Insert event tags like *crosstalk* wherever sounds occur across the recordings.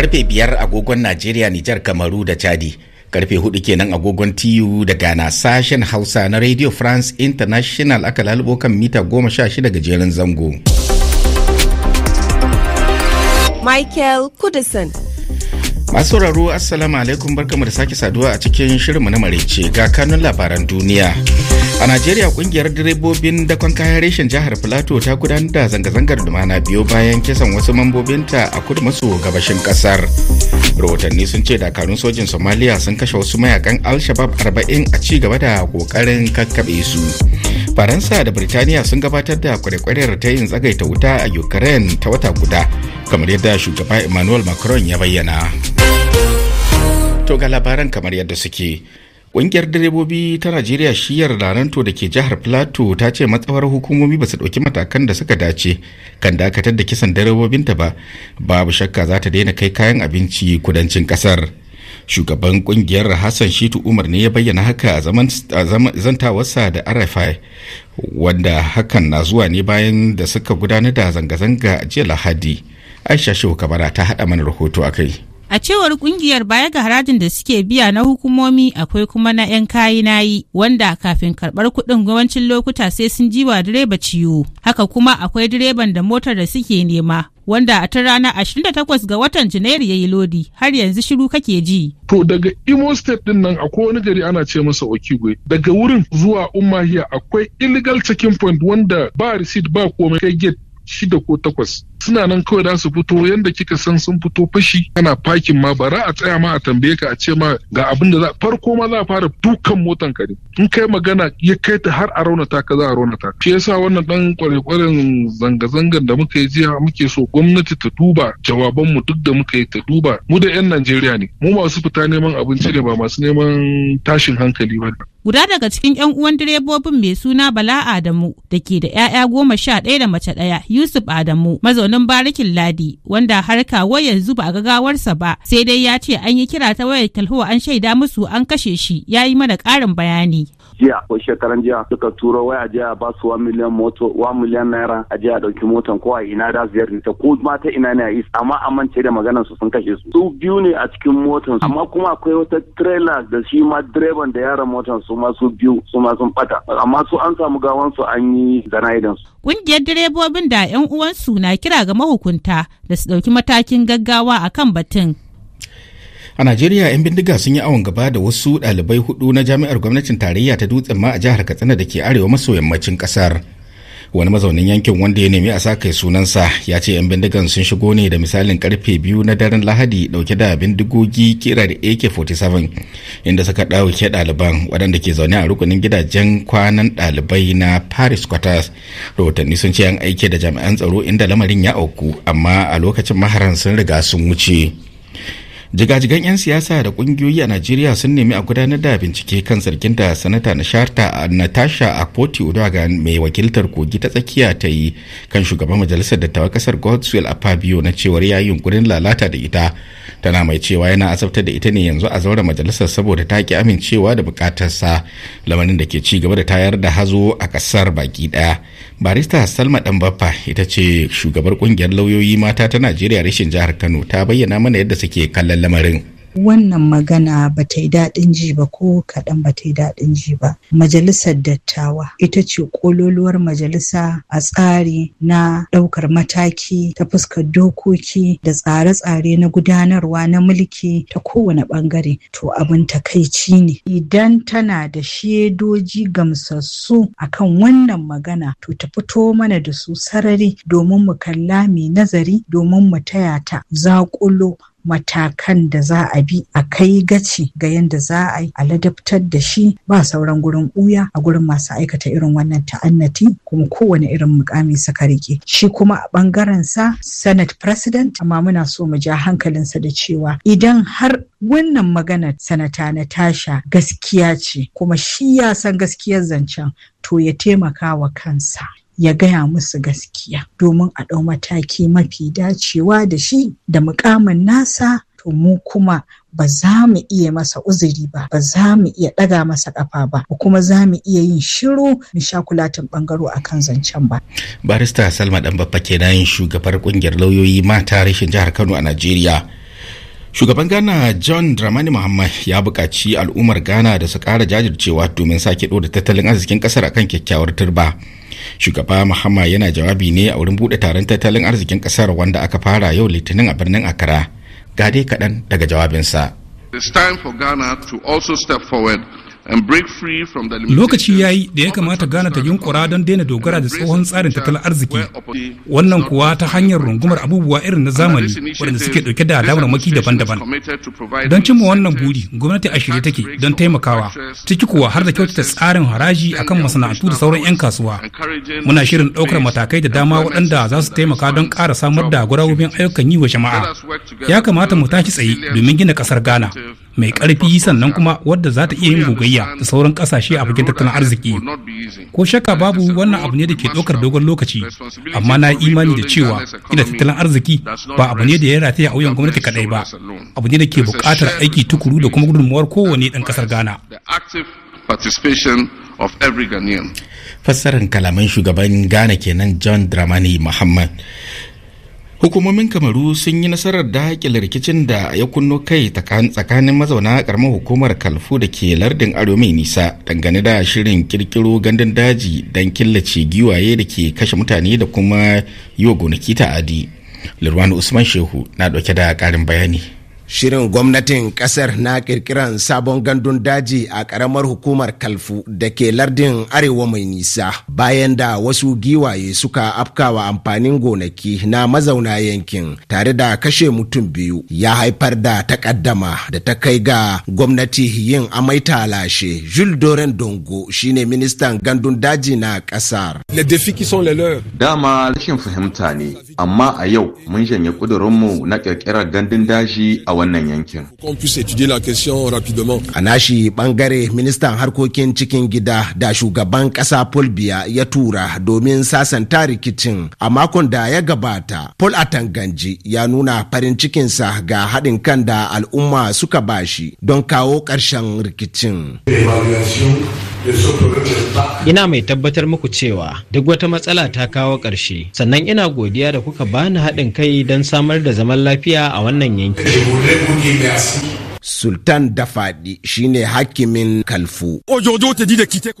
karfe biyar agogon najeriya nijar kamaru da chadi karfe hudu kenan agogon TU da ghana sashen hausa na radio france international aka lalubo kan mita goma sha shida gajeren zango michael kudison Masu sauraro Assalamu alaikum barkamu da sake saduwa a cikin shirinmu na maraice ga kanun labaran duniya. A Najeriya kungiyar direbobin dakon kayan reshen jihar Filato ta gudanar da zanga-zangar lumana biyu bayan kisan wasu mambobinta a kudu maso gabashin kasar. Rahotanni sun ce dakarun sojin Somalia sun kashe wasu mayakan Al-Shabaab 40 a ci gaba da kokarin kakkaɓe su. faransa da birtaniya sun gabatar da kwarekwarar ta yin tsagaita wuta a ukraine ta wata guda kamar yadda shugaba emmanuel macron ya bayyana to ga labaran kamar yadda suke Ƙungiyar direbobi ta Najeriya shiyar Laranto da ke jihar Plateau ta ce matsawar hukumomi ba su ɗauki matakan da suka dace kan dakatar da kisan direbobinta ba, babu shakka za ta daina kai kayan abinci kudancin ƙasar. shugaban kungiyar hassan shitu umar ne ya bayyana haka a zantawarsa da rfi wanda hakan na zuwa ne bayan da suka gudanar da zanga-zanga jiya lahadi aisha shehu kabara ta haɗa mana rahoto a kai A cewar kungiyar baya ga harajin da suke biya na hukumomi akwai kuma na 'yan kayi nayi wanda kafin karbar kuɗin yawancin lokuta sai sun jiwa direba ciwo. Haka kuma akwai direban da motar da suke nema wanda a ta rana, 28 ga watan Janairu ya yi lodi har yanzu shiru kake ji. To daga Imo State din nan akwai wani gari ana ce masa Okigwe. Daga wurin zuwa Umahiya akwai illegal checking point wanda ba receipt ba komai kai gate shida ko takwas suna nan kawai da su fito yadda kika san sun fito fashi Kana fakin ma bara a tsaya ma a tambaye ka a ce ma ga abin da za farko ma za a fara dukan motan ka ne in kai magana ya kai ta har a raunata ka za a raunata shi yasa wannan dan kwarekwaren zanga-zangar da muka yi jiya muke so gwamnati ta duba jawaban mu duk da muka yi ta duba mu da yan Najeriya ne mu masu fita neman abinci ne ba masu neman tashin hankali ba guda daga cikin 'yan uwan direbobin mai suna Bala Adamu da ke da 'ya'ya goma sha ɗaya da mace daya, Yusuf Adamu mazauna mazaunin barikin ladi wanda harka wai yanzu ba a ga gawarsa ba sai dai ya ce an yi kira ta wayar talho an shaida musu an kashe shi ya yi mana ƙarin bayani. jiya ko shekaran jiya suka turo waya jiya ba su 1 miliyan moto 1 naira a jiya dauki motan ko a ina da ziyar ta ko ma ta ina ne a is amma amince da maganar su sun kashe su su biyu ne a cikin motan amma kuma akwai wata trailer da shi ma direban da yaran motan su ma su biyu su ma sun bata amma su an samu gawan su an yi zanaidan su Ƙungiyar direbobin da 'yan uwansu na kira ga mahukunta da su ɗauki matakin gaggawa akan batun. A Najeriya 'yan bindiga sun yi awon gaba da wasu ɗalibai hudu na jami'ar gwamnatin tarayya ta dutsen ma a jihar Katsina da ke arewa maso yammacin kasar. Wani mazaunin yankin wanda ya nemi a sa kai sunansa ya ce 'yan bindigan sun shigo ne da misalin karfe biyu na daren Lahadi dauke da bindigogi kira da AK-47 inda suka ɗauke ɗaliban wadanda ke zaune a rukunin gidajen kwanan ɗalibai na Paris Quarters. Rahotanni sun ce 'yan aike da jami'an tsaro inda lamarin ya auku amma a lokacin maharan sun riga sun wuce. jigajigan 'yan siyasa da kungiyoyi a najeriya sun nemi a gudanar da bincike kan zargin da sanata a natasha a akpoti udogan mai wakiltar kogi ta tsakiya ta yi kan shugaban majalisar dattawa kasar godswill a fabio na cewar ya yunkurin lalata da ita tana mai cewa yana azabtar da ita ne yanzu a zaura majalisar saboda ta ki amincewa da bukatarsa lamarin da ke ci gaba da tayar da hazo a kasar baki daya barista salma baffa ita ce shugabar kungiyar lauyoyi mata ta najeriya rashin jihar kano ta bayyana mana yadda suke kallon wannan lamarin wannan magana ba ta yi daɗin ji ba ko kaɗan ba ta yi daɗin ji ba. Majalisar dattawa ita ce ƙololuwar majalisa a tsari na ɗaukar mataki ta fuskar dokoki da tsare-tsare na gudanarwa na mulki ta kowane ɓangare to abin takaici ne. Idan tana da shedoji gamsassu kan wannan magana to ta fito mana da su sarari domin mu kalla mai nazari domin mu taya ta zaƙulo matakan da za a bi a kai gaci ga yadda za a yi a ladabtar da shi ba sauran gurin uya a gurin masu aikata irin wannan ta'annati kuma kowane irin mukami suka rike shi kuma a bangaren sa senate president amma muna so mu ja hankalinsa da cewa idan har wannan maganar sanata na tasha gaskiya ce kuma shi ya san gaskiyar zancen to ya taimaka wa kansa ya gaya musu gaskiya domin a ɗau mataki mafi dacewa da shi da mukamin nasa to mu kuma ba za mu iya masa uzuri ba ba za mu iya ɗaga masa ƙafa ba kuma za mu iya yin shiru mu sha kulatin ɓangaro a kan zancen ba. barista salma dan babba kenan shugabar ƙungiyar lauyoyi mata rashin jihar kano a najeriya shugaban ghana john dramani muhammad ya buƙaci al'ummar ghana da su ƙara jajircewa domin sake ɗora tattalin arzikin ƙasar akan kyakkyawar turba. shugaba mahama yana jawabi ne a wurin bude taron tattalin arzikin kasar wanda aka fara yau litinin a birnin akara ga dai kaɗan daga jawabinsa It's time for Ghana to also step forward Lokaci ya yi da ya kamata Gana ta yunkura don daina dogara da tsohon tsarin tattalin arziki, wannan kuwa ta hanyar rungumar abubuwa irin na zamani waɗanda suke ɗauke da damarmaki daban-daban. Don cimma wannan buri, gwamnati a shirye take don taimakawa, ciki kuwa har da kyautata tsarin haraji a kan masana'antu da sauran 'yan kasuwa. Muna shirin ɗaukar matakai da dama waɗanda za su taimaka don ƙara samar da gwarawobin ayyukan yi wa jama'a. Ya kamata mu tashi tsaye domin gina ƙasar Ghana. mai karfi sannan kuma wadda za ta iya yin gogayya da sauran ƙasashe a fagen tattalin arziki ko shakka babu wannan abu ne da ke ɗaukar dogon lokaci amma na imani da cewa ina tattalin arziki ba abu ne da ya rataya a wuyan gwamnati kaɗai ba abu ne da ke buƙatar aiki tukuru da kuma gudunmuwar kowane ɗan ƙasar ghana of Fassarar kalaman shugaban Ghana kenan John Dramani Muhammad. hukumomin kamaru sun yi nasarar daƙile rikicin da ya kunno kai tsakanin mazauna karamar hukumar kalfu da ke lardin aro mai nisa dangane da shirin ƙirƙiro gandun daji don killace giwaye da ke kashe mutane da kuma yi wa gonaki ta'adi lirwani usman shehu na ɗauke da ƙarin bayani Shirin gwamnatin kasar na kirkiran sabon gandun daji a karamar hukumar Kalfu da ke lardin arewa mai nisa bayan da wasu giwaye suka afkawa amfanin gonaki na mazauna yankin tare da kashe mutum biyu ya haifar da takaddama da ta kai ga gwamnati yin amai ta lashe, Jules Doren Dongo shine ministan gandun daji na kasar. Dama rashin fahimta ne, amma a yau mun janye kudurinmu na ƙirƙirar gandun daji a wannan yankin. A nashi bangare ministan harkokin cikin gida da shugaban kasa Paul ya tura domin sasanta rikicin a makon da ya gabata. Paul Atanganji ya nuna farin cikinsa ga haɗin kan da al'umma suka bashi don kawo ƙarshen rikicin. Ina mai tabbatar muku cewa duk wata matsala ta kawo ƙarshe, sannan ina godiya da kuka bani haɗin kai don samar da zaman lafiya a wannan yanki. Sultan Dafadi shine hakimin Kalfu.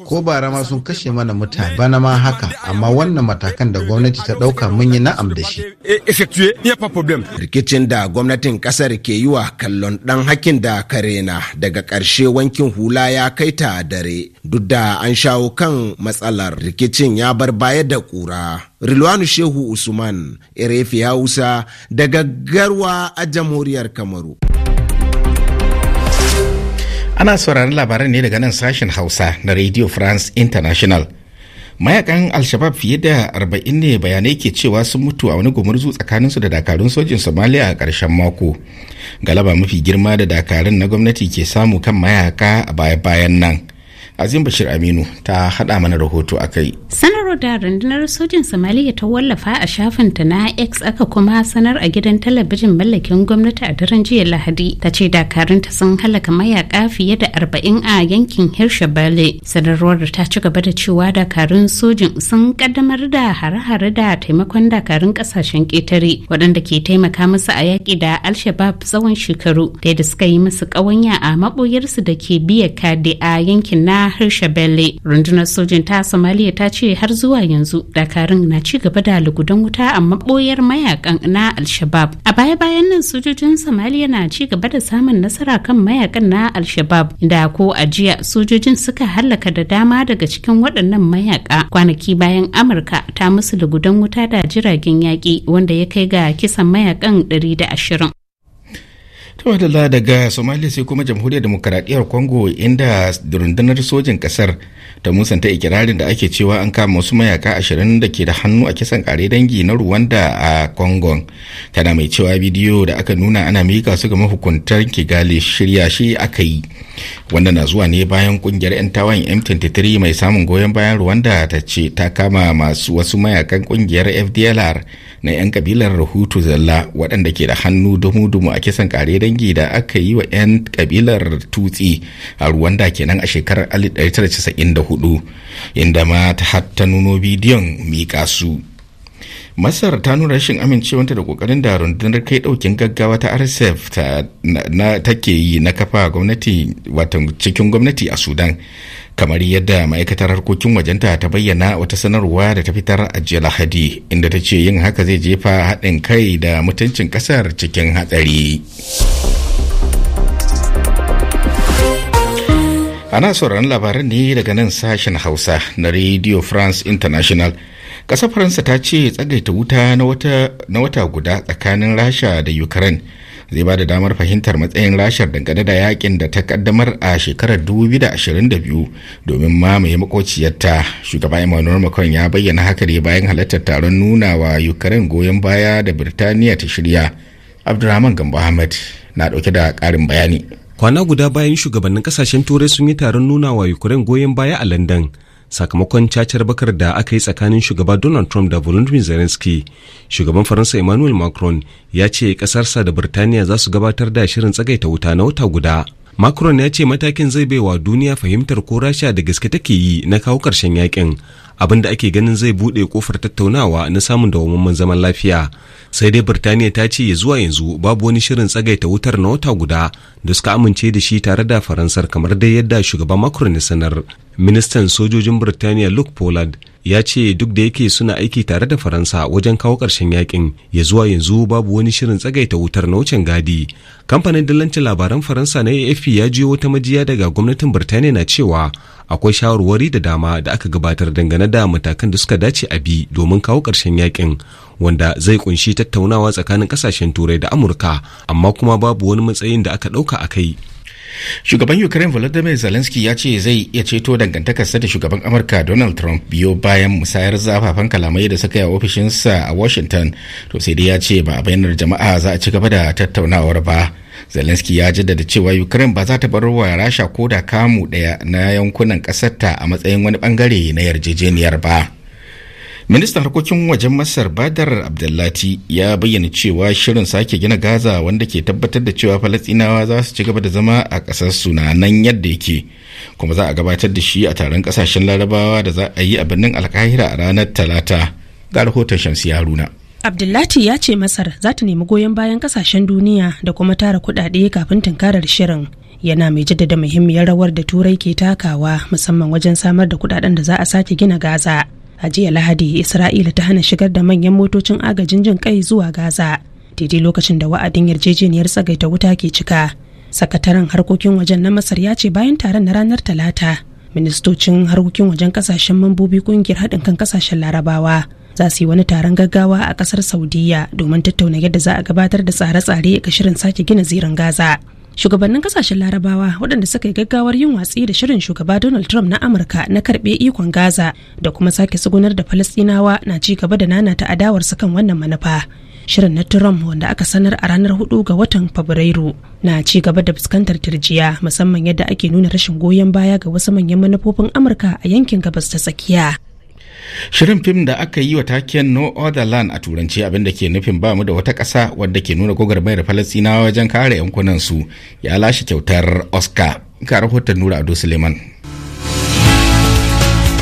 Ko bara ma sun kashe mana mutane bana ma haka amma wannan matakan da gwamnati ta ɗauka mun yi na'am da shi. Eh, rikicin da gwamnatin ƙasar ke yi wa kallon ɗan hakin da karena daga ƙarshe wankin hula ya kai ta dare duk da an shawo kan matsalar rikicin ya bar baya da ƙura. Rilwanu Shehu Usman, Erefi Hausa daga Garwa a jamhuriyar Kamaru. ana sauraron labaran ne daga nan sashen hausa na radio france international mayakan alshabab fiye da arba'in ne bayanai ke cewa sun mutu a wani gumurzu su da dakarun sojin somaliya a ƙarshen mako galaba mafi girma da dakarun na gwamnati ke samu kan mayaka a baya-bayan nan Azim Bashir Aminu ta hada mana rahoto a kai. Sanarwar da rundunar sojin Somaliya ta wallafa a shafinta na X aka kuma sanar a gidan talabijin mallakin gwamnati a daren jiya Lahadi ta ce dakarunta sun halaka mayaka fiye da arba'in a yankin Hirshabale. Sanarwar da ta ci gaba da cewa dakarun sojin sun kaddamar da hare-hare da taimakon dakarun kasashen ƙetare waɗanda ke taimaka musu a yaƙi da Al-Shabaab tsawon shekaru da suka yi musu ƙawanya a maɓoyarsu da ke biya kadi a yankin na harsha belle rundunar sojin ta Somalia ta ce har zuwa yanzu dakarun na ci gaba da lugudan wuta a maboyar mayakan na al-shabab a baya bayan nan sojojin Somalia na ci gaba da samun nasara kan mayakan na al-shabab da ko a jiya sojojin suka hallaka da dama daga cikin waɗannan mayaka kwanaki bayan amurka ta musu lugudan wuta da jiragen yaƙi wanda ya kai ga kisan mayakan 120 ta tawadala daga somalia sai kuma jamhuriyar demokaradiyyar congo inda rundunar sojin kasar ta musanta ikirarin da ake cewa an kama wasu mayaka ashirin da ke da hannu a kisan kare dangi na rwanda a congo tana mai cewa bidiyo da aka nuna ana mika su ga mahukuntar kigali shirya shi aka yi wanda na zuwa ne bayan kungiyar 'yan tawan m23 mai samun goyon bayan rwanda ta ce ta kama masu wasu mayakan kungiyar fdlr na 'yan kabilar rahoto zalla waɗanda ke da hannu dumu-dumu a kisan kare dangi da aka yi wa 'yan kabilar tutsi a rwanda kenan a shekarar 1994 inda ma ta nuno bidiyon miƙa su masar ta nuna rashin amincewanta da kokarin da rundunar kai daukin gaggawa ta rsf ta take yi na kafa gwamnati watan cikin gwamnati a sudan kamar yadda ma'aikatar harkokin wajenta ta bayyana wata sanarwa da ta fitar a jiya lahadi inda ta ce yin haka zai jefa haɗin kai da mutuncin ƙasar cikin hatsari ana sauraron labaran ne daga nan sashen hausa na radio france international ƙasar faransa ta ce tsagaita wuta na wata guda tsakanin rasha da ukraine zai ba da damar fahimtar matsayin rashar dangane da yakin da ta kaddamar a shekarar 2022 domin mamaye makociyarta shugaba emmanuel macron ya bayyana haka ne bayan halartar taron nuna wa ukraine goyon baya da birtaniya ta shirya abdulrahman gambo ahmed na dauke da karin bayani kwana guda bayan shugabannin kasashen turai sun yi taron nuna wa ukraine goyon baya a london sakamakon cacar bakar da aka yi tsakanin shugaba donald trump da volodymyr zelensky shugaban faransa emmanuel macron ya ce kasarsa da birtaniya za su gabatar da shirin tsagaita wuta na wata guda macron ya ce matakin zai baiwa duniya fahimtar ko rasha da gaske take yi na kawo karshen yakin abin da ake ganin zai buɗe kofar tattaunawa na samun dawamamman zaman lafiya sai dai birtaniya ta ce ya zuwa yanzu babu wani shirin tsagaita wutar na wata guda da suka amince da shi tare da faransar kamar dai yadda shugaban macron ya sanar ministan sojojin birtaniya luke pollard ya ce duk da yake suna aiki tare da faransa wajen kawo karshen yakin ya zuwa yanzu babu wani shirin tsagaita wutar na wucin gadi kamfanin dillancin labaran faransa na afp ya jiyo wata majiya daga gwamnatin birtaniya na cewa akwai shawarwari da dama da aka gabatar dangane da matakan da suka dace a bi domin kawo ƙarshen yakin wanda zai kunshi tattaunawa tsakanin ƙasashen turai da amurka amma kuma babu wani matsayin da aka ɗauka a kai shugaban ukraine volodymyr zelensky ya ce zai iya ceto dangantakarsa da shugaban amurka donald trump biyo bayan musayar zafafan kalamai da suka yi ofishinsa a washington to sai dai ya ce ba a bayyanar jama'a za a ci gaba da tattaunawar ba zelensky ya jaddada cewa ukraine ba za ta bar wa rasha ko da kamu daya na yankunan ƙasarta a matsayin wani bangare na yarjejeniyar ba. ministan harkokin wajen masar badar abdullati ya bayyana cewa shirin sake gina gaza wanda ke tabbatar da cewa falastinawa za su ci gaba da zama a ƙasar nan yadda yake kuma za a gabatar da shi a taron ƙasashen larabawa da za a yi a birnin alkahira a ranar talata ga rahoton shamsi haruna Abdullati ya ce Masar za ta nemi goyon bayan ƙasashen duniya da kuma tara kuɗaɗe kafin tunkarar shirin. Yana mai jaddada muhimmiyar rawar da Turai ke takawa musamman wajen samar da kuɗaɗen da za a sake gina Gaza. a jiya lahadi isra'ila ta hana shigar da manyan motocin agajin jin kai zuwa gaza daidai lokacin da wa'adin yarjejeniyar tsagaita wuta ke cika sakataren harkokin wajen na masar ya ce bayan taron na ranar talata ministocin harkokin wajen kasashen mambobi kungiyar haɗin kan kasashen larabawa za su yi wani taron gaggawa a ƙasar Saudiyya domin tattauna yadda za a gabatar da tsare-tsare ga shirin sake gina zirin gaza shugabannin kasashen larabawa waɗanda suka yi gaggawar yin watsi da shirin shugaba donald trump na amurka na karɓe ikon gaza da kuma sake sugunar da falastinawa na ci gaba da nanata adawarsu kan wannan manufa shirin na trump wanda aka sanar a ranar hudu ga watan fabrairu na ci gaba da fuskantar tirjiya musamman yadda ake nuna rashin goyon baya ga wasu manyan manufofin amurka a yankin gabas ta tsakiya Shirin fim da aka yi wa taken No Other Land a turanci abinda ke nufin ba mu da wata ƙasa wadda ke nuna gwagwarmayar falasina wajen kare yankunan su ya lashe kyautar Oscar. Ka rahoton Nura Ado Suleiman.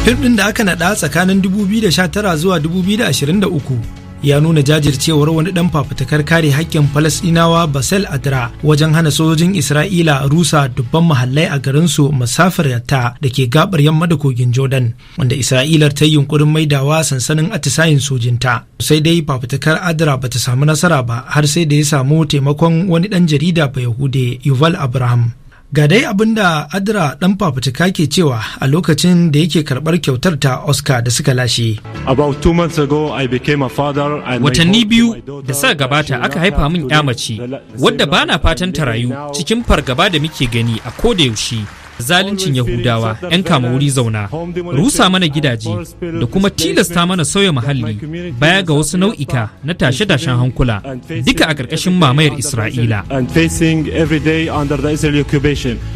Fim ɗin da aka naɗa tsakanin 2019 zuwa 2023 ya nuna jajircewar wani dan fafutukar kare hakkin falasdinawa basel adra wajen hana sojojin isra'ila rusa dubban mahallai a garinsu musafirta da ke gabar yamma da kogin jordan wanda isra'ila ta yi yunkurin maidawa sansanin atisayin sojinta sai dai fafutukar adra ba ta samu nasara ba har sai da ya samu taimakon wani dan jarida ba yahude yuval abraham Ga dai abin da Adra ɗan fafutuka ke cewa a lokacin da yake karɓar kyautar ta Oscar da suka lashe. Watanni biyu da suka gabata aka haifa min ya mace wadda bana fatan ta rayu cikin fargaba da muke gani a koda yaushe. zaluncin Yahudawa 'yan kama wuri zauna rusa mana gidaje da kuma tilasta mana sauya muhalli baya ga wasu nau'ika na tashe-tashen hankula duka a ƙarƙashin mamayar Isra'ila.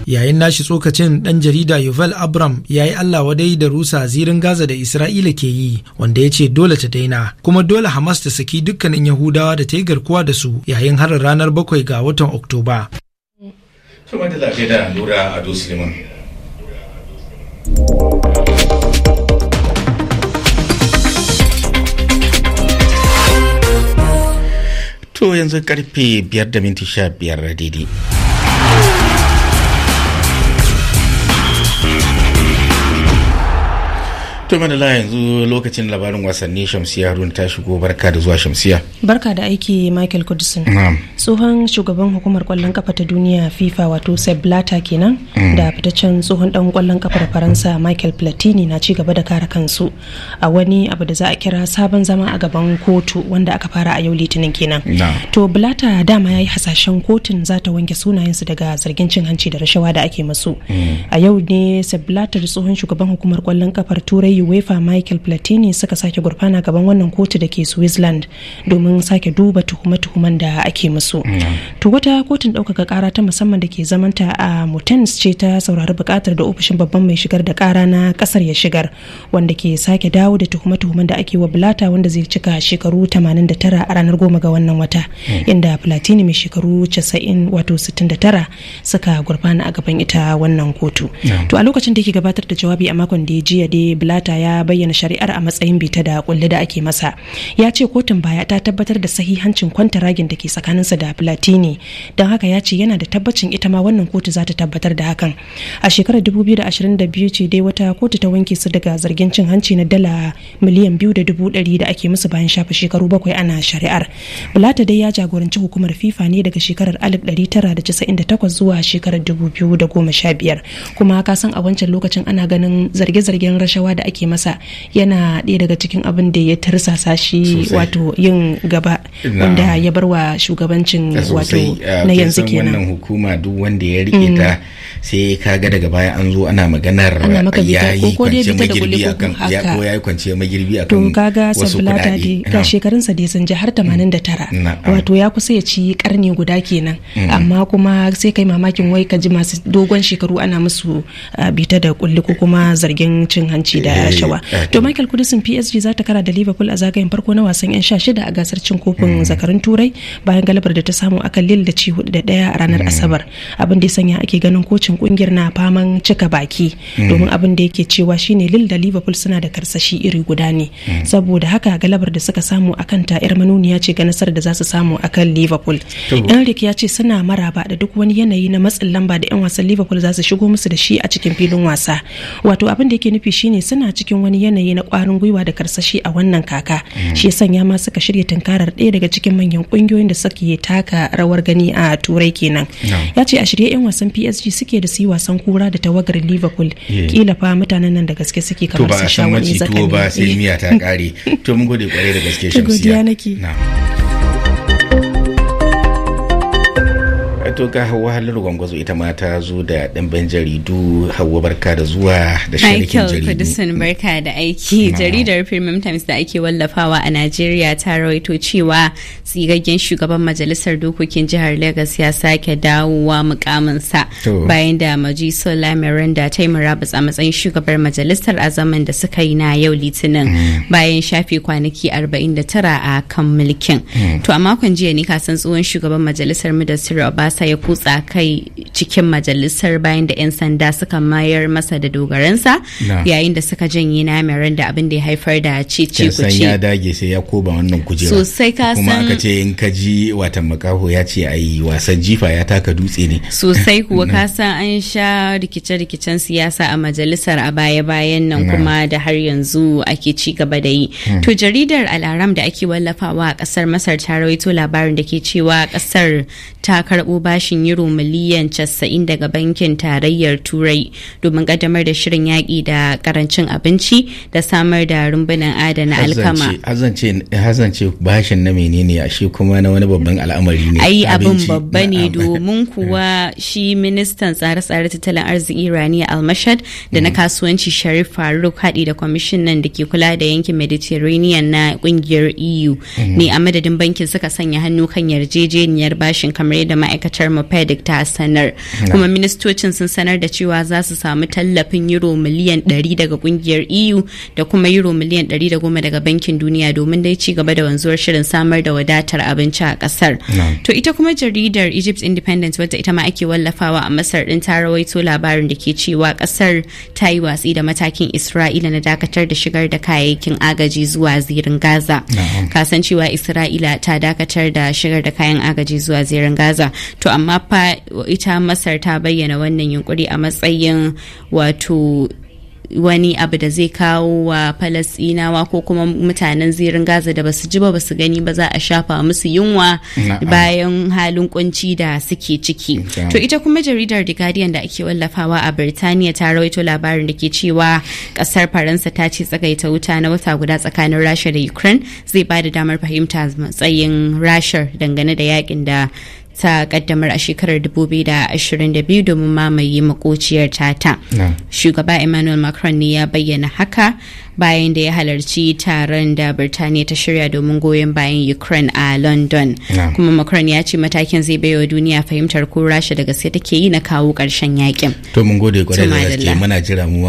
Yayin nashi tsokacin ɗan jarida Yuval Abram ya yi Allah wadai da rusa zirin Gaza da Isra'ila ke yi wanda ya ce dole ta daina kuma dole Hamas ta saki dukkanin Yahudawa da ta yi garkuwa da su yayin harin ranar bakwai ga watan Oktoba. to da lafiya da lura ado suleiman to yanzu karfe biyar da minti da daidai to la yanzu lokacin labarin wasanni shamsiya harun ta shigo barka da zuwa shamsiya barka da aiki michael kudusin tsohon shugaban hukumar kwallon kafa ta duniya fifa wato sepp blatter kenan mm. da fitaccen tsohon dan kwallon kafar faransa michael platini na ci gaba da kare kansu a wani abu da za a kira sabon zama a gaban kotu wanda aka fara a yau litinin kenan to blatter dama ya yi hasashen kotun za ta wanke sunayensu daga zargin cin hanci da rashawa da ake masu mm. a yau ne sepp blatter tsohon shugaban hukumar kwallon kafar turai uefa michael platini suka sake gurfana gaban wannan kotu da ke switzerland domin sake duba tuhume-tuhumen da ake musu mm. to wata kotun ɗaukaka kara ta musamman da ke zamanta a mutens ce ta saurari bukatar da ofishin babban mai shigar da kara na kasar ya shigar wanda ke sake dawo da tuhume-tuhumen da ake wa blata wanda zai cika shekaru 89 a ranar goma ga wannan wata mm. inda platini mai shekaru 90 wato 69 suka gurfana a gaban ita wannan kotu mm. to a lokacin da yake gabatar da jawabi a makon da ya jiya dai blata Minista ya bayyana shari'ar a matsayin bita da kulle da ake masa. Ya ce kotun baya ta tabbatar da sahihancin kwantaragin da ke tsakaninsa da Platini don haka ya ce yana da tabbacin ita ma wannan kotu za ta tabbatar da hakan. A shekarar 2022 ce dai wata kotu ta wanke su daga zargin cin hanci na dala miliyan biyu da dubu ɗari da ake musu bayan shafa shekaru bakwai ana shari'ar. bulata dai ya jagoranci hukumar FIFA ne daga shekarar 1998 zuwa shekarar 2015 kuma ka san a wancan lokacin ana ganin zarge-zargen rashawa da ake ake masa yana ɗaya daga cikin abin da ya tarsasa shi wato yin gaba wanda ya bar wa shugabancin eh, wato eh, na yanzu kenan wannan hukuma duk wanda ya rike ta mm. sai kaga daga baya an zo ana maganar yayi kwanciyar magirbi akan ko yayi kwanciyar magirbi akan to kaga sabulata dai ga shekarun dai sun ji har 89 mm. wato ya kusa ya ci karni guda kenan mm. amma kuma sai kai mamakin wai ka ji masu dogon shekaru ana musu uh, bita da kulli ko kuma zargin cin hanci da eh, rashawa eh, eh, to eh. michael kudusin psg za ta kara da liverpool a zagayen farko na wasan yan sha shida a gasar cin kofin mm. zakarun turai bayan galabar da ta samu a kan lille da ci hudu da daya a ranar mm. asabar abin da ya sanya ake ganin kocin kungiyar na faman cika baki mm. domin abin da yake cewa shine lille da liverpool suna da karsashi iri guda ne saboda haka galabar da suka samu akan ta yar manuniya ce ga nasarar da za su samu a kan liverpool enric ya ce suna maraba da duk wani yanayi na matsin lamba da yan wasan liverpool za su shigo musu da shi a cikin filin wasa wato abin da yake nufi shine suna cikin wani yanayi na kwarin gwiwa da karsashi a wannan kaka shi ya sanya ma suka shirya tunkarar ɗaya daga cikin manyan kungiyoyin da suke taka rawar gani a turai kenan ya ce a shirye yan wasan psg suke da su yi wasan kura da tawagar liverpool kila fa mutanen nan da gaske suke kamar su sha wani zakani to ba sai miya ta kare *laughs* to mun gode kwarai da gaske shamsiya to ga hawa halar gwangwazo ita ma ta zo da ɗanben jaridu hawa barka da zuwa da shirikin jaridu. Michael mm. barka da aiki. Jaridar Premium Times da ake wallafawa a Najeriya ta rawaito cewa tsigaggen shugaban majalisar dokokin jihar Legas ya sake dawowa mukaminsa bayan da sola Miranda ta yi murabus a matsayin shugabar majalisar a zaman da suka yi na yau Litinin mm. bayan shafe kwanaki arba'in da tara a kan mulkin. Mm. To a makon jiya ne kasan tsohon shugaban majalisar Mudassir Obasa nasa ya kutsa kai cikin majalisar bayan da 'yan sanda suka mayar masa da dogaransa yayin da suka janye namirin da abin da ya haifar da ci ci ku ci ya dage sai ya koba wannan kujera. Sosai ka san. Kuma aka ce in ka ji watan makaho ya ce a yi wasan jifa ya taka dutse ne. Sosai *laughs* kuwa ka san an sha rikice-rikicen siyasa a majalisar a baya-bayan nan kuma da har yanzu ake ci gaba da yi. Hmm. To jaridar Al'aram da ake wallafawa a kasar Masar ta rawaito labarin da ke cewa kasar ta karbo ba bashin euro miliyan 90 daga bankin tarayyar turai domin ƙaddamar da shirin yaƙi da karancin abinci da samar da rumbunan adana alkama hazance bashin na menene shi kuma na wani babban al'amari ne ai abin babba ne domin kuwa shi ministan tsare-tsare tattalin arziki rani almashad da na mm. kasuwanci sharif faruk haɗi da kwamishinan da ke kula da yankin mediterranean na ƙungiyar eu mm. ne a madadin bankin suka sanya hannu kan yarjejeniyar bashin kamar yadda ma'aikatar kasar mopedic ta sanar kuma ministocin sun sanar da cewa za su samu tallafin euro miliyan 100 daga kungiyar eu da kuma euro miliyan 110 daga bankin duniya domin dai ci gaba da wanzuwar shirin samar da wadatar abinci a kasar to ita kuma jaridar egypt independence wadda ita ma ake wallafawa a masar din ta rawaito labarin da ke cewa kasar ta yi watsi da matakin isra'ila na dakatar da shigar da kayayyakin agaji zuwa zirin gaza kasancewa isra'ila ta dakatar da shigar da kayan agaji zuwa zirin gaza to amma fa ita masar ta bayyana wannan yunkuri a matsayin wato wani abu da zai kawo wa falasinawa ko kuma mutanen zirin gaza da basu ji ba basu gani ba za a shafa musu yunwa bayan halin kunci da suke ciki to ita kuma jaridar the guardian da ake wallafawa a birtaniya ta rawaito labarin da ke cewa kasar faransa ta ce tsagaita wuta na wata guda tsakanin rasha da ukraine zai ba da damar fahimta matsayin rasha dangane da yakin da ta kaddamar a shekarar 2022 domin mamaye makociyar tata. Shugaba Emmanuel Macron ne ya bayyana haka bayan da ya halarci taron da Birtaniya ta shirya domin goyon bayan Ukraine a London. Kuma Macron ya ce matakin zai baiwa duniya fahimtar ko Rasha da gaske take yi na kawo ƙarshen yakin. To mun gode kwarai da gaske muna jira mu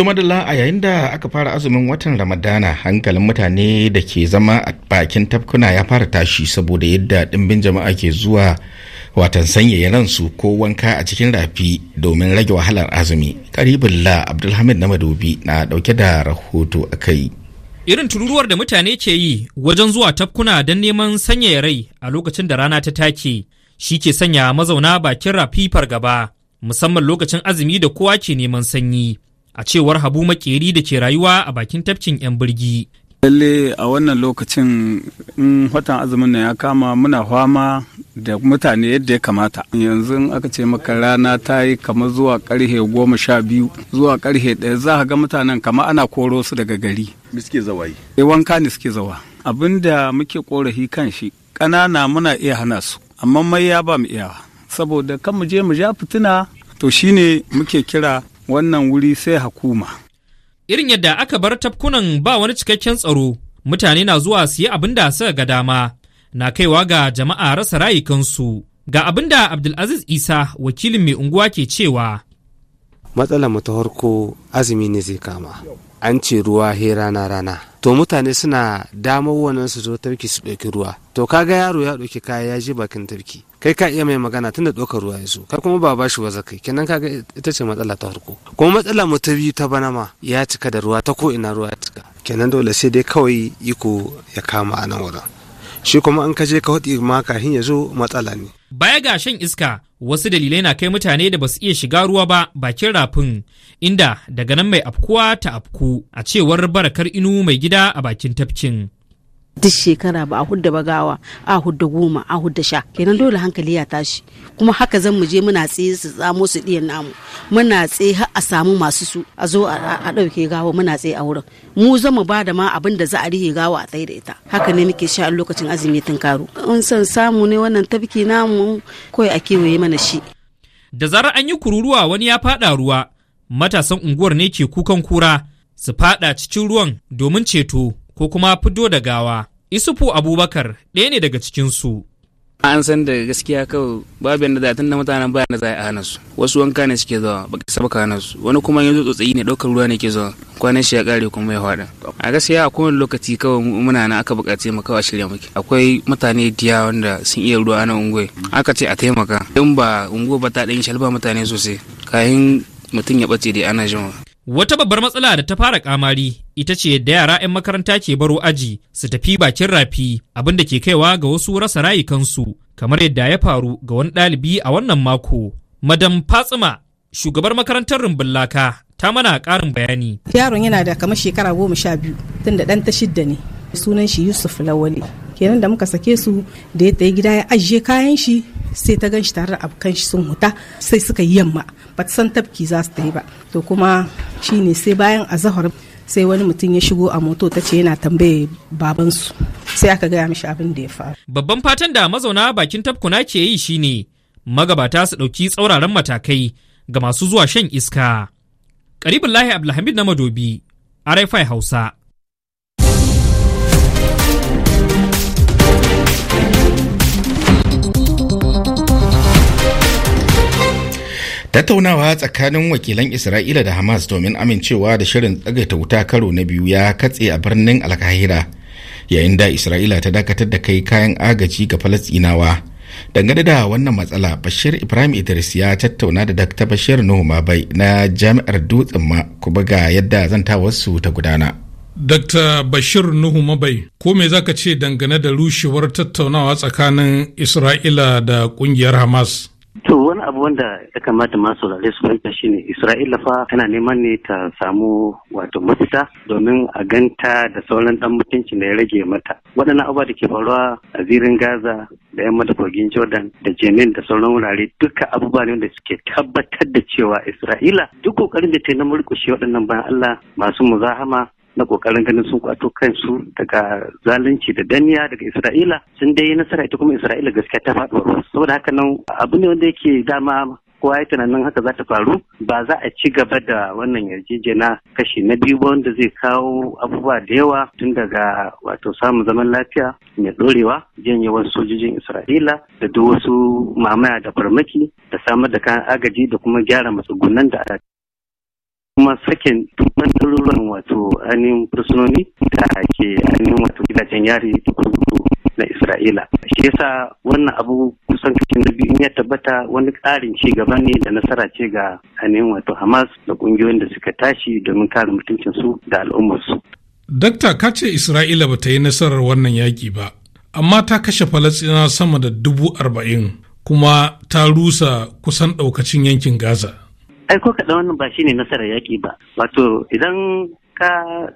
To madalla a yayin da aka fara azumin watan Ramadana hankalin mutane da ke zama a bakin tafkuna ya fara tashi saboda yadda dimbin jama'a ke zuwa watan sanyaya ransu ko wanka a cikin rafi domin rage wahalar azumi. karibin la Abdulhamid na Madobi na dauke da rahoto a kai. Irin tururuwar da mutane ke yi wajen zuwa tafkuna don neman sanyaya rai a lokacin da rana ta take shi ke sanya mazauna bakin rafi fargaba musamman lokacin azumi da kowa ke neman sanyi. a cewar habu makeri da ke rayuwa a bakin tafkin 'yan birgi lalle a wannan lokacin in watan azumin ya kama muna fama da mutane yadda ya kamata yanzu aka ce maka rana ta yi kama zuwa karhe goma sha biyu zuwa karhe ɗaya za ka ga mutanen kama ana koro su daga gari suke yi e wanka ne suke zawa abin da muke korafi kan shi ƙanana muna iya hana su amma mai ya ba mu iya saboda kan mu je mu ja fitina to shine muke kira wannan wuri sai hakuma. Irin yadda aka bar tafkunan ba wani cikakken tsaro, mutane na zuwa su yi abin da suka ga dama, na kaiwa ga jama'a rasa rayukansu. Ga abin da Abdulaziz Isa wakilin mai unguwa ke cewa. Matsala mu ta azumi ne zai kama. An ce ruwa he rana rana. To mutane suna damar wannan su zo tarki su ɗauki ruwa. To kaga yaro ya ɗauki kaya ya je bakin tarki. kai ka iya mai magana tunda ɗaukar ruwa ya so kai kuma ba bashi ba kai kenan kaga ita ce matsala ta farko kuma matsala mu ta biyu ta bana ma ya cika da ruwa ta ko ina ruwa ya cika kenan dole sai dai kawai iko ya kama a nan wurin shi kuma an kaje ka hudi ma kafin ya zo matsala ne baya ga shan iska wasu dalilai na kai mutane da basu iya shiga ruwa ba bakin rafin inda daga nan mai afkuwa ta afku a cewar barakar inu mai gida a bakin tafkin duk shekara ba a hudda bagawa a hudda goma a hudda sha kenan dole hankali ya tashi kuma haka zan mu je muna tsaye su tsamo su diyan namu muna tsaye har a samu masu su a zo a ɗauke gawa muna tsaye a wurin mu zan mu bada ma abin da za a rihe gawa a tsaye da ita haka ne muke sha lokacin azumi tun karo in san samu ne wannan tafki namu kawai a kewaye mana shi da zarar an yi kururuwa wani ya faɗa ruwa matasan unguwar ne ke kukan kura su faɗa cikin ruwan domin ceto ko kuma fito da gawa Isufu Abubakar ɗaya ne daga cikinsu. an san da gaskiya kawai babu yadda da mutanen bayan da za a hana su wasu wanka ne suke zuwa ba kasa baka hana su wani kuma yanzu tsotsayi ne ɗaukar ruwa ne ke zuwa kwanan shi ya kare kuma ya faɗa a gaskiya a kowane lokaci kawai muna nan aka buƙaci mu kawai shirya muke akwai mutane diya wanda sun iya ruwa na unguwa aka ce a taimaka in ba unguwa ba ta ɗan shalba mutane sosai kayan mutum ya ɓace da ana jin Wata babbar matsala da ta fara kamari ita ce da yara 'yan makaranta ke baro aji su tafi bakin rafi abin da ke kaiwa ga wasu rasa rayukansu kamar yadda ya faru ga wani ɗalibi a wannan mako. Madam Fatsima shugabar makarantar rumbun laka ta mana ƙarin bayani. Yaron yana da kamar shekara goma sha biyu tun da ɗan ta shidda ne sunan shi Yusuf lawale Kenan da muka sake su da ya tayi gida ya ajiye kayan shi sai ta ganshi tare da abokan shi sun huta sai suka yi yamma ba san tafki za su ta yi ba to kuma shi ne sai bayan azahar sai wani mutum ya shigo a moto ta ce yana tambaye babansu sai aka gaya mishi abin da ya faru babban fatan da mazauna bakin tafkuna ke yi shine magabata su ɗauki tsauraran matakai ga masu zuwa shan iska karibin lahi abdulhamid na madobi rfi hausa tattaunawa tsakanin wakilan isra'ila da hamas domin amincewa da shirin tsagaita wuta karo na biyu ya katse a birnin alkahira yayin da isra'ila ta dakatar da kai kayan agaji ga falastinawa dangane da wannan matsala bashir ibrahim idris ya tattauna da dr bashir nuhu mabai na jami'ar dutsen ma kuma ga yadda zantawarsu ta gudana Dr. Bashir Nuhu Mabai, ko me zaka ce dangane da rushewar tattaunawa tsakanin Isra'ila da kungiyar Hamas? To wani abu wanda ya kamata masu rare su fahimta shine Isra'ila fa tana neman ne ta samu wato mafita domin a ganta da sauran dan mutunci da ya rage mata. Waɗannan abubuwa da ke faruwa a zirin Gaza da yamma da kogin Jordan da Jenin da sauran wurare duka abubuwa ne wanda suke tabbatar da cewa Isra'ila duk kokarin da ta yi na murƙushe waɗannan bayan Allah masu muzahama na kokarin ganin sun kwato kansu daga zalunci da danniya daga isra'ila sun dai nasara ita kuma isra'ila gaskiya ta faɗuwa saboda haka nan abu ne wanda yake dama kowa ya tunanin haka za ta faru ba za a ci gaba da wannan yarjejena kashi na biyu ba wanda zai kawo abubuwa da yawa tun daga wato samun zaman lafiya mai dorewa janyewar sojojin isra'ila da duk wasu mamaya da farmaki da samar da kayan agaji da kuma gyara matsugunan da kuma sakin mandaruran wato ainihin fursunoni da ke ainihin wato gidajen yari na Isra'ila. Shi yasa wannan abu kusan cikin da biyu ya tabbata wani ƙarin ci gaba ne da nasara ce ga ainihin wato Hamas da ƙungiyoyin da suka tashi domin kare mutuncin su da al'ummarsu. Dakta ka ce Isra'ila ba ta yi nasarar wannan yaƙi ba, amma ta kashe Falasɗina sama da dubu arba'in kuma ta rusa kusan ɗaukacin yankin Gaza. Aiko kaɗan wannan ba shine nasarar yaƙi ba wato idan ka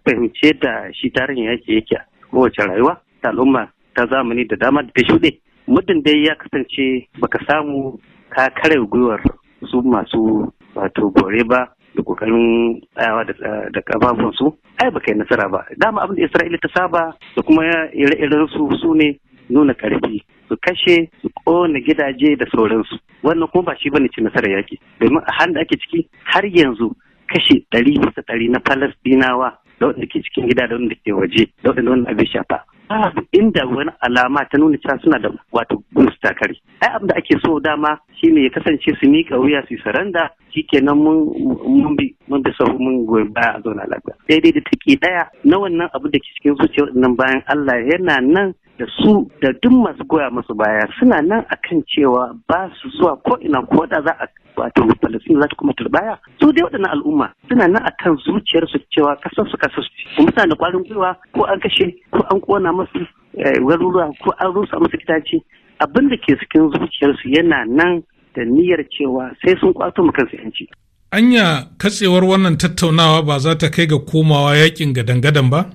fahimce da shi tarin yaƙi yake kowace rayuwa ta al'umma ta zamani da dama da ta shuɗe muddin dai ya kasance baka samu ka kare gwiwar su masu wato gore ba da ƙoƙarin tsayawa da kafafunsu ai baka yi nasara ba dama abin da isra'ila ta saba da kuma ire-iren su su ne nuna ƙarfi su kashe su kona gidaje da sauransu wannan kuma ba shi bane ci nasarar yaƙi. domin a hannun ake ciki har yanzu kashe ɗari bisa ɗari na falastinawa da wanda ke cikin gida da wanda ke waje da wanda abin shafa babu inda wani alama ta nuna cewa suna da wato gunsu takari ai abin da ake so dama shine ya kasance su miƙa wuya su saranda shikenan mun bi mun bi sahu mun goyi baya a zauna lafiya daidai da take daya na wannan abu da ke cikin zuciyar nan bayan Allah yana nan da su da duk masu goya masu baya suna nan akan cewa ba su zuwa ko'ina ina ko da za a wato Falastin za ta kuma turbaya su dai waɗannan al'umma suna nan akan zuciyarsu cewa kasar su kasar su kuma suna da kwarin gwiwa ko an kashe ko an kona masu eh, garuruwa ko an rusa masu gidaje abin da ke cikin zuciyarsu yana nan da niyyar cewa sai sun kwato mu kansu yanci. Anya katsewar wannan tattaunawa ba za ta kai ga komawa yakin gadan-gadan ba?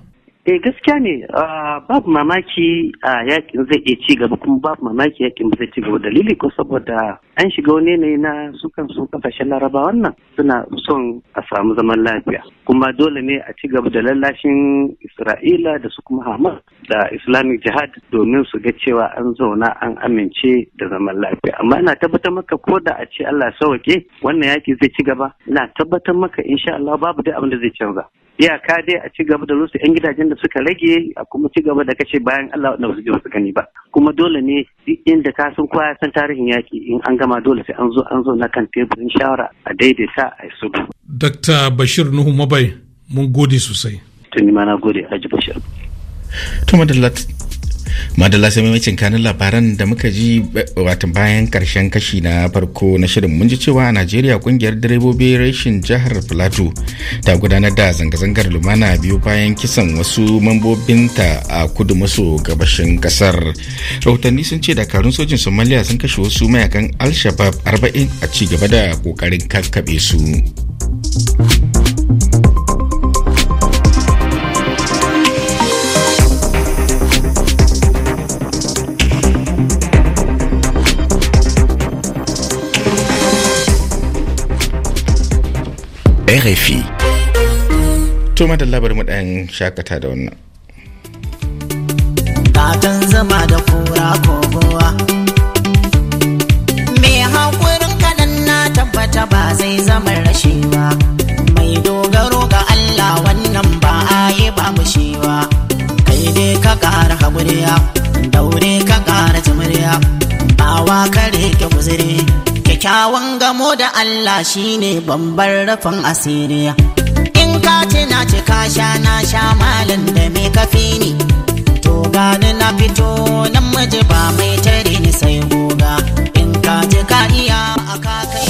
eh gaskiya ne ah, babu mamaki a ah, yakin zai iya ci gaba kuma babu mamaki yakin ba zai ci gaba dalili ko saboda an shiga wani yanayi na su kan su kasashen laraba wannan suna son a samu zaman lafiya kuma dole ne a ci gaba da lallashin isra'ila da su kuma hamas da islamic jihad domin su ga cewa an zauna an amince da zaman lafiya amma ina tabbatar maka ko da a ce allah sauke wannan yaki zai ci gaba ina tabbatar maka insha allah babu dai abin da zai canza iyaka dai a ci gaba da rusa yan gidajen da suka rage a kuma ci gaba da kashe bayan Allah da wasu su gani ba kuma dole ne inda ka san kwaya san tarihin yaki in an gama dole sai an zo an zo na kan teburin shawara a daidaita a sulhu Dr. Bashir Nuhu Mabai mun gode sosai tuni ma na gode Alhaji Bashir madalla sai maimacin kanin labaran da muka ji eh, watan bayan karshen kashi na farko na shirin mun ji cewa a najeriya kungiyar direbobi rashin jihar plateau ta gudanar da zanga-zangar lumana biyu bayan kisan wasu mambobinta a kudu maso gabashin kasar rahotanni sun ce dakarun sojin somaliya sun kashe wasu mayakan al-shabab 40 a ci gaba da kokarin kakkaɓe su RFI. To madalla bari mu dan shakata da wannan. Kakan zama da kura kogowa. Me haƙurin kanan na tabbata ba zai zama rashi ba. Mai dogaro ga Allah wannan ba a yi ba mushi ba. Kai ne ka ƙara haƙuriya, daure ka ƙara tumuriya, bawa ka rike guzuri. kyakkyawan gamo da Allah shine bambar rafin asiriya in ka ce na ce ka sha na sha malam da me kafi ni to gani na fito nan miji ba mai tare ni sai goga in ka ce ka iya a kakai